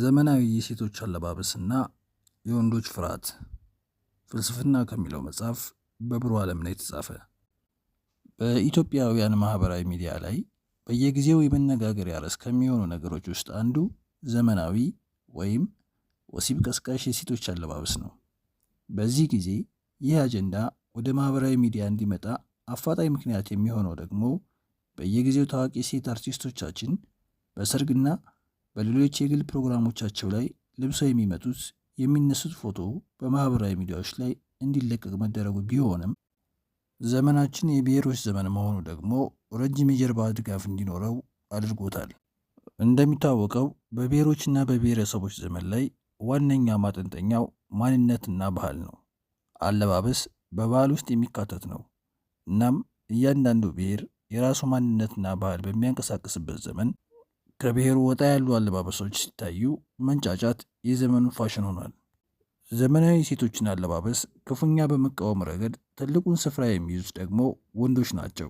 ዘመናዊ የሴቶች አለባበስና የወንዶች ፍርሃት ፍልስፍና ከሚለው መጽሐፍ በብሩ ዓለም ላይ የተጻፈ። በኢትዮጵያውያን ማህበራዊ ሚዲያ ላይ በየጊዜው የመነጋገሪያ ርዕስ ከሚሆኑ ነገሮች ውስጥ አንዱ ዘመናዊ ወይም ወሲብ ቀስቃሽ የሴቶች አለባበስ ነው። በዚህ ጊዜ ይህ አጀንዳ ወደ ማህበራዊ ሚዲያ እንዲመጣ አፋጣኝ ምክንያት የሚሆነው ደግሞ በየጊዜው ታዋቂ ሴት አርቲስቶቻችን በሰርግና በሌሎች የግል ፕሮግራሞቻቸው ላይ ልብሰው የሚመጡት የሚነሱት ፎቶ በማህበራዊ ሚዲያዎች ላይ እንዲለቀቅ መደረጉ ቢሆንም ዘመናችን የብሔሮች ዘመን መሆኑ ደግሞ ረጅም የጀርባ ድጋፍ እንዲኖረው አድርጎታል። እንደሚታወቀው በብሔሮችና በብሔረሰቦች ዘመን ላይ ዋነኛ ማጠንጠኛው ማንነትና ባህል ነው። አለባበስ በባህል ውስጥ የሚካተት ነው። እናም እያንዳንዱ ብሔር የራሱ ማንነትና ባህል በሚያንቀሳቅስበት ዘመን ከብሔሩ ወጣ ያሉ አለባበሶች ሲታዩ መንጫጫት የዘመኑ ፋሽን ሆኗል። ዘመናዊ ሴቶችን አለባበስ ክፉኛ በመቃወም ረገድ ትልቁን ስፍራ የሚይዙት ደግሞ ወንዶች ናቸው።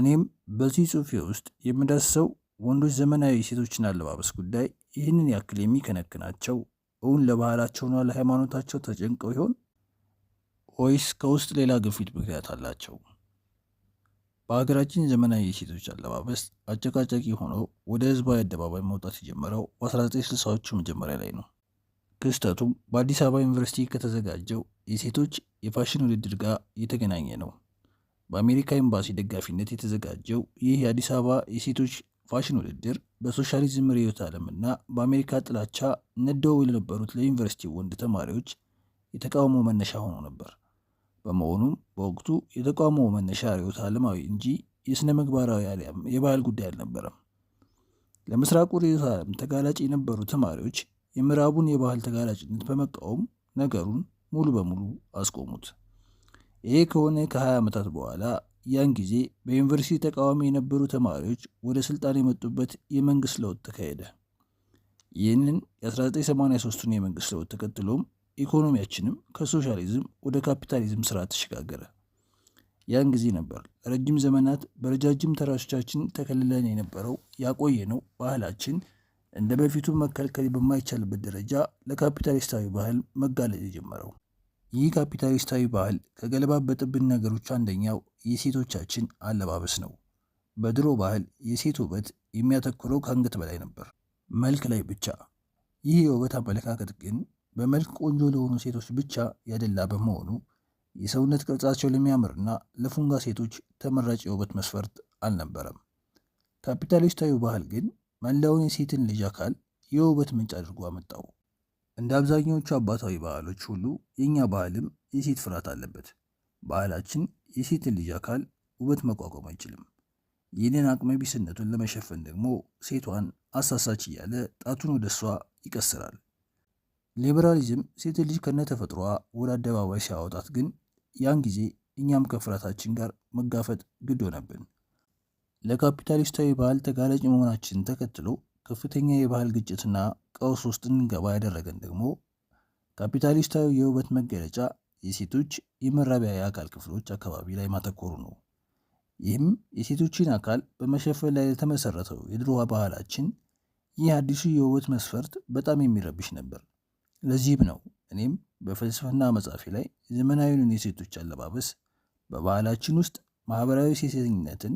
እኔም በዚህ ጽሑፌ ውስጥ የምዳስሰው ወንዶች ዘመናዊ ሴቶችን አለባበስ ጉዳይ ይህንን ያክል የሚከነክናቸው እውን ለባህላቸውና ለሃይማኖታቸው ተጨንቀው ይሆን ወይስ ከውስጥ ሌላ ግፊት ምክንያት አላቸው? በሀገራችን ዘመናዊ የሴቶች አለባበስ አጨቃጫቂ ሆኖ ወደ ህዝባዊ አደባባይ መውጣት የጀመረው በ1960ዎቹ መጀመሪያ ላይ ነው። ክስተቱም በአዲስ አበባ ዩኒቨርሲቲ ከተዘጋጀው የሴቶች የፋሽን ውድድር ጋር የተገናኘ ነው። በአሜሪካ ኤምባሲ ደጋፊነት የተዘጋጀው ይህ የአዲስ አበባ የሴቶች ፋሽን ውድድር በሶሻሊዝም ርዕዮተ ዓለምና በአሜሪካ ጥላቻ ነደው ለነበሩት ለዩኒቨርሲቲ ወንድ ተማሪዎች የተቃውሞ መነሻ ሆኖ ነበር። በመሆኑም በወቅቱ የተቃውሞ መነሻ ርዕዮተ ዓለማዊ እንጂ የሥነ ምግባራዊ አሊያም የባህል ጉዳይ አልነበረም። ለምስራቁ ርዕዮተ ዓለም ተጋላጭ የነበሩ ተማሪዎች የምዕራቡን የባህል ተጋላጭነት በመቃወም ነገሩን ሙሉ በሙሉ አስቆሙት። ይሄ ከሆነ ከ20 ዓመታት በኋላ ያን ጊዜ በዩኒቨርሲቲ ተቃዋሚ የነበሩ ተማሪዎች ወደ ስልጣን የመጡበት የመንግሥት ለውጥ ተካሄደ። ይህንን የ1983ቱን የመንግሥት ለውጥ ተከትሎም ኢኮኖሚያችንም ከሶሻሊዝም ወደ ካፒታሊዝም ስርዓት ተሸጋገረ። ያን ጊዜ ነበር ረጅም ዘመናት በረጃጅም ተራሾቻችን ተከልለን የነበረው ያቆየነው ባህላችን እንደ በፊቱ መከልከል በማይቻልበት ደረጃ ለካፒታሊስታዊ ባህል መጋለጥ የጀመረው። ይህ ካፒታሊስታዊ ባህል ከገለባበጥብን ነገሮች አንደኛው የሴቶቻችን አለባበስ ነው። በድሮ ባህል የሴት ውበት የሚያተኩረው ከአንገት በላይ ነበር፣ መልክ ላይ ብቻ። ይህ የውበት አመለካከት ግን በመልክ ቆንጆ ለሆኑ ሴቶች ብቻ ያደላ በመሆኑ የሰውነት ቅርጻቸው ለሚያምርና ለፉንጋ ሴቶች ተመራጭ የውበት መስፈርት አልነበረም። ካፒታሊስታዊ ባህል ግን መላውን የሴትን ልጅ አካል የውበት ምንጭ አድርጎ አመጣው። እንደ አብዛኛዎቹ አባታዊ ባህሎች ሁሉ የእኛ ባህልም የሴት ፍርሃት አለበት። ባህላችን የሴትን ልጅ አካል ውበት መቋቋም አይችልም። ይህንን አቅመቢስነቱን ለመሸፈን ደግሞ ሴቷን አሳሳች እያለ ጣቱን ወደ እሷ ይቀስራል። ሊበራሊዝም ሴት ልጅ ከነተፈጥሮዋ ወደ አደባባይ ሲያወጣት ግን ያን ጊዜ እኛም ከፍርሃታችን ጋር መጋፈጥ ግድ ሆነብን። ለካፒታሊስታዊ ባህል ተጋላጭ መሆናችን ተከትሎ ከፍተኛ የባህል ግጭትና ቀውስ ውስጥ እንገባ ያደረገን ደግሞ ካፒታሊስታዊ የውበት መገለጫ የሴቶች የመራቢያ የአካል ክፍሎች አካባቢ ላይ ማተኮሩ ነው። ይህም የሴቶችን አካል በመሸፈን ላይ የተመሰረተው የድሮዋ ባህላችን ይህ አዲሱ የውበት መስፈርት በጣም የሚረብሽ ነበር። ለዚህም ነው እኔም በፍልስፍና መጻፊ ላይ ዘመናዊውን የሴቶች አለባበስ በባህላችን ውስጥ ማህበራዊ ሴሰኝነትን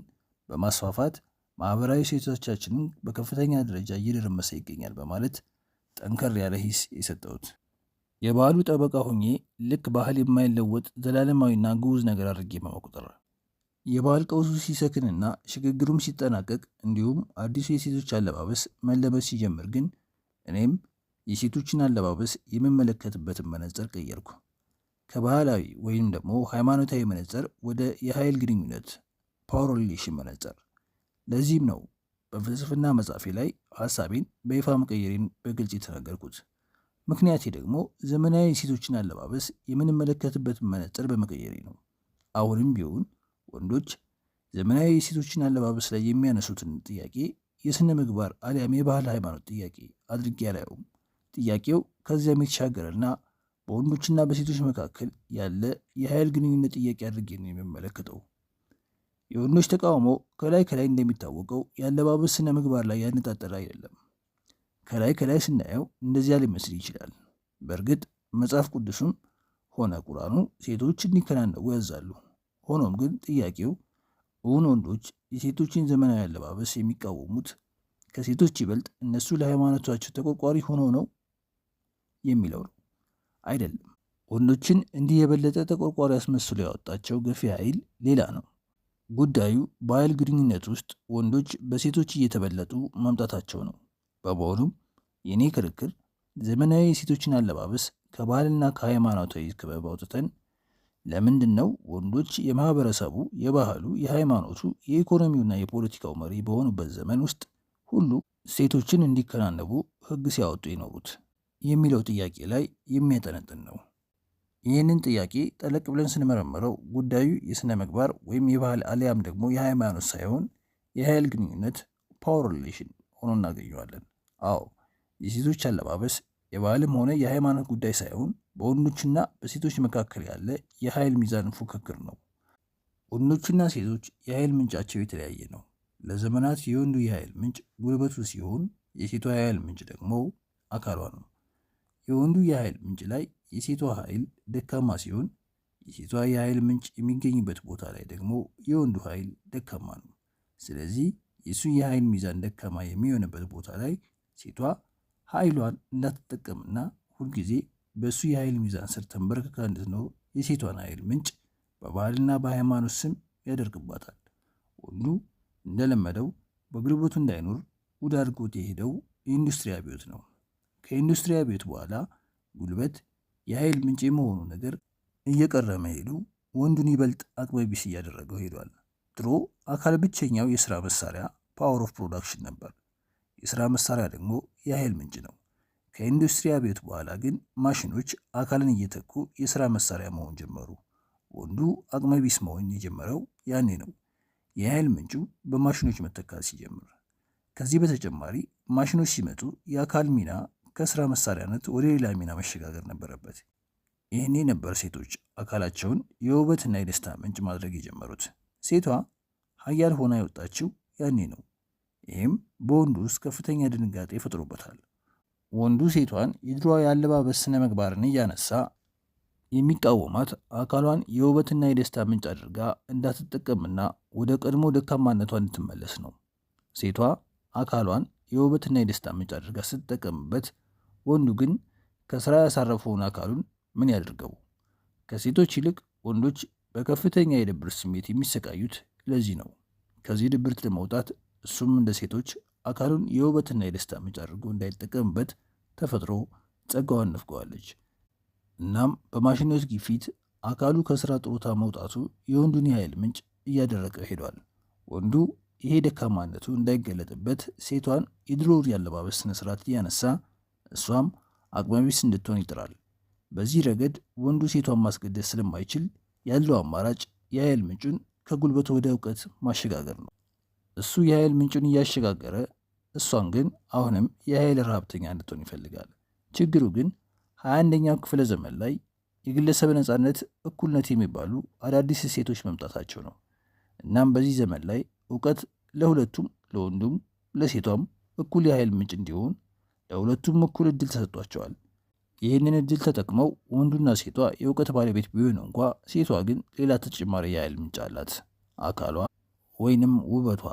በማስፋፋት ማህበራዊ ሴቶቻችንን በከፍተኛ ደረጃ እየደረመሰ ይገኛል በማለት ጠንከር ያለ ሂስ የሰጠሁት። የባህሉ ጠበቃ ሆኜ ልክ ባህል የማይለወጥ ዘላለማዊና ግዑዝ ነገር አድርጌ በመቁጠር የባህል ቀውሱ ሲሰክንና ሽግግሩም ሲጠናቀቅ እንዲሁም አዲሱ የሴቶች አለባበስ መለበስ ሲጀምር ግን እኔም የሴቶችን አለባበስ የምመለከትበትን መነጽር ቀየርኩ። ከባህላዊ ወይም ደግሞ ሃይማኖታዊ መነጽር ወደ የኃይል ግንኙነት ፓወር ሪሌሽን መነጽር። ለዚህም ነው በፍልስፍና መጻፌ ላይ ሀሳቤን በይፋ መቀየሬን በግልጽ የተናገርኩት። ምክንያቴ ደግሞ ዘመናዊ የሴቶችን አለባበስ የምንመለከትበትን መነጽር በመቀየሬ ነው። አሁንም ቢሆን ወንዶች ዘመናዊ የሴቶችን አለባበስ ላይ የሚያነሱትን ጥያቄ የስነ ምግባር አሊያም የባህል ሃይማኖት ጥያቄ አድርጌ አላየውም። ጥያቄው ከዚያም የተሻገረና በወንዶችና በሴቶች መካከል ያለ የኃይል ግንኙነት ጥያቄ አድርጌ ነው የሚመለከተው። የወንዶች ተቃውሞ ከላይ ከላይ እንደሚታወቀው የአለባበስ ስነ ምግባር ላይ ያነጣጠረ አይደለም። ከላይ ከላይ ስናየው እንደዚያ ሊመስል ይችላል። በእርግጥ መጽሐፍ ቅዱስም ሆነ ቁርአኑ ሴቶች እንዲከናነቡ ያዛሉ። ሆኖም ግን ጥያቄው እውን ወንዶች የሴቶችን ዘመናዊ አለባበስ የሚቃወሙት ከሴቶች ይበልጥ እነሱ ለሃይማኖታቸው ተቆርቋሪ ሆኖ ነው የሚለው ነው። አይደለም ወንዶችን እንዲህ የበለጠ ተቆርቋሪ አስመስሎ ያወጣቸው ገፊ ኃይል ሌላ ነው። ጉዳዩ በኃይል ግንኙነት ውስጥ ወንዶች በሴቶች እየተበለጡ መምጣታቸው ነው። በመሆኑም የእኔ ክርክር ዘመናዊ የሴቶችን አለባበስ ከባህልና ከሃይማኖታዊ ክበብ አውጥተን ለምንድን ነው ወንዶች የማህበረሰቡ፣ የባህሉ፣ የሃይማኖቱ፣ የኢኮኖሚውና የፖለቲካው መሪ በሆኑበት ዘመን ውስጥ ሁሉ ሴቶችን እንዲከናነቡ ሕግ ሲያወጡ ይኖሩት? የሚለው ጥያቄ ላይ የሚያጠነጥን ነው። ይህንን ጥያቄ ጠለቅ ብለን ስንመረምረው ጉዳዩ የሥነ ምግባር ወይም የባህል አሊያም ደግሞ የሃይማኖት ሳይሆን የኃይል ግንኙነት ፓወር ሪሌሽን ሆኖ እናገኘዋለን። አዎ የሴቶች አለባበስ የባህልም ሆነ የሃይማኖት ጉዳይ ሳይሆን በወንዶችና በሴቶች መካከል ያለ የኃይል ሚዛን ፉክክር ነው። ወንዶችና ሴቶች የኃይል ምንጫቸው የተለያየ ነው። ለዘመናት የወንዱ የኃይል ምንጭ ጉልበቱ ሲሆን፣ የሴቷ የኃይል ምንጭ ደግሞ አካሏ ነው። የወንዱ የኃይል ምንጭ ላይ የሴቷ ኃይል ደካማ ሲሆን የሴቷ የኃይል ምንጭ የሚገኝበት ቦታ ላይ ደግሞ የወንዱ ኃይል ደካማ ነው። ስለዚህ የእሱ የኃይል ሚዛን ደካማ የሚሆንበት ቦታ ላይ ሴቷ ኃይሏን እንዳትጠቀምና ሁልጊዜ በእሱ የኃይል ሚዛን ስር ተንበርክካ እንድትኖር የሴቷን ኃይል ምንጭ በባህልና በሃይማኖት ስም ያደርግባታል። ወንዱ እንደለመደው በጉልበቱ እንዳይኖር ውድ አድርጎት የሄደው የኢንዱስትሪ አብዮት ነው። ከኢንዱስትሪ ቤት በኋላ ጉልበት የኃይል ምንጭ የመሆኑ ነገር እየቀረ መሄዱ ወንዱን ይበልጥ አቅመቢስ እያደረገው ሄዷል። ድሮ አካል ብቸኛው የሥራ መሳሪያ ፓወር ኦፍ ፕሮዳክሽን ነበር። የሥራ መሳሪያ ደግሞ የኃይል ምንጭ ነው። ከኢንዱስትሪ አብዮት በኋላ ግን ማሽኖች አካልን እየተኩ የሥራ መሳሪያ መሆን ጀመሩ። ወንዱ አቅመቢስ መሆን የጀመረው ያኔ ነው፣ የኃይል ምንጩ በማሽኖች መተካት ሲጀምር። ከዚህ በተጨማሪ ማሽኖች ሲመጡ የአካል ሚና ከስራ መሳሪያነት ወደ ሌላ ሚና መሸጋገር ነበረበት። ይህኔ ነበር ሴቶች አካላቸውን የውበትና የደስታ ምንጭ ማድረግ የጀመሩት። ሴቷ ሀያል ሆና የወጣችው ያኔ ነው። ይህም በወንዱ ውስጥ ከፍተኛ ድንጋጤ ፈጥሮበታል። ወንዱ ሴቷን የድሮዋ የአለባበስ ስነ ምግባርን እያነሳ የሚቃወማት አካሏን የውበትና የደስታ ምንጭ አድርጋ እንዳትጠቀምና ወደ ቀድሞ ደካማነቷ እንድትመለስ ነው። ሴቷ አካሏን የውበትና የደስታ ምንጭ አድርጋ ስትጠቀምበት ወንዱ ግን ከስራ ያሳረፈውን አካሉን ምን ያደርገው? ከሴቶች ይልቅ ወንዶች በከፍተኛ የድብርት ስሜት የሚሰቃዩት ለዚህ ነው። ከዚህ ድብርት ለመውጣት እሱም እንደ ሴቶች አካሉን የውበትና የደስታ ምንጭ አድርጎ እንዳይጠቀምበት ተፈጥሮ ጸጋዋን ነፍገዋለች። እናም በማሽኖች ግፊት አካሉ ከስራ ጥሩታ መውጣቱ የወንዱን የኃይል ምንጭ እያደረቀ ሄዷል። ወንዱ ይሄ ደካማነቱ እንዳይገለጥበት ሴቷን የድሮ ያለባበስ ስነስርዓት እያነሳ እሷም አቅመቢስ እንድትሆን ይጥራል። በዚህ ረገድ ወንዱ ሴቷን ማስገደድ ስለማይችል ያለው አማራጭ የኃይል ምንጩን ከጉልበቱ ወደ እውቀት ማሸጋገር ነው። እሱ የኃይል ምንጩን እያሸጋገረ፣ እሷን ግን አሁንም የኃይል ረሃብተኛ እንድትሆን ይፈልጋል። ችግሩ ግን ሀያ አንደኛው ክፍለ ዘመን ላይ የግለሰብ ነጻነት፣ እኩልነት የሚባሉ አዳዲስ እሴቶች መምጣታቸው ነው። እናም በዚህ ዘመን ላይ እውቀት ለሁለቱም ለወንዱም ለሴቷም እኩል የኃይል ምንጭ እንዲሆን ለሁለቱም እኩል እድል ተሰጥቷቸዋል። ይህንን እድል ተጠቅመው ወንዱና ሴቷ የእውቀት ባለቤት ቢሆኑ እንኳ ሴቷ ግን ሌላ ተጨማሪ የኃይል ምንጭ አላት፣ አካሏ ወይንም ውበቷ።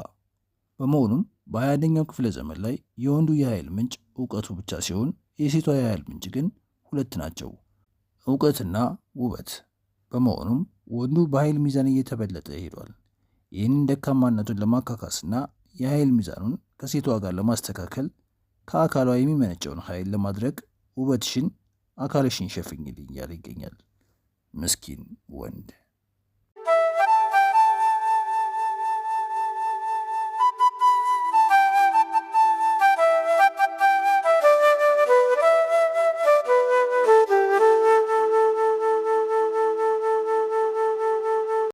በመሆኑም በ21ኛው ክፍለ ዘመን ላይ የወንዱ የኃይል ምንጭ እውቀቱ ብቻ ሲሆን የሴቷ የኃይል ምንጭ ግን ሁለት ናቸው፣ እውቀትና ውበት። በመሆኑም ወንዱ በኃይል ሚዛን እየተበለጠ ሄዷል። ይህንን ደካማነቱን ለማካካስና የኃይል ሚዛኑን ከሴቷ ጋር ለማስተካከል ከአካሏ የሚመነጨውን ኃይል ለማድረግ ውበትሽን አካልሽን ሸፍኝልኝ እያለ ይገኛል ምስኪን ወንድ።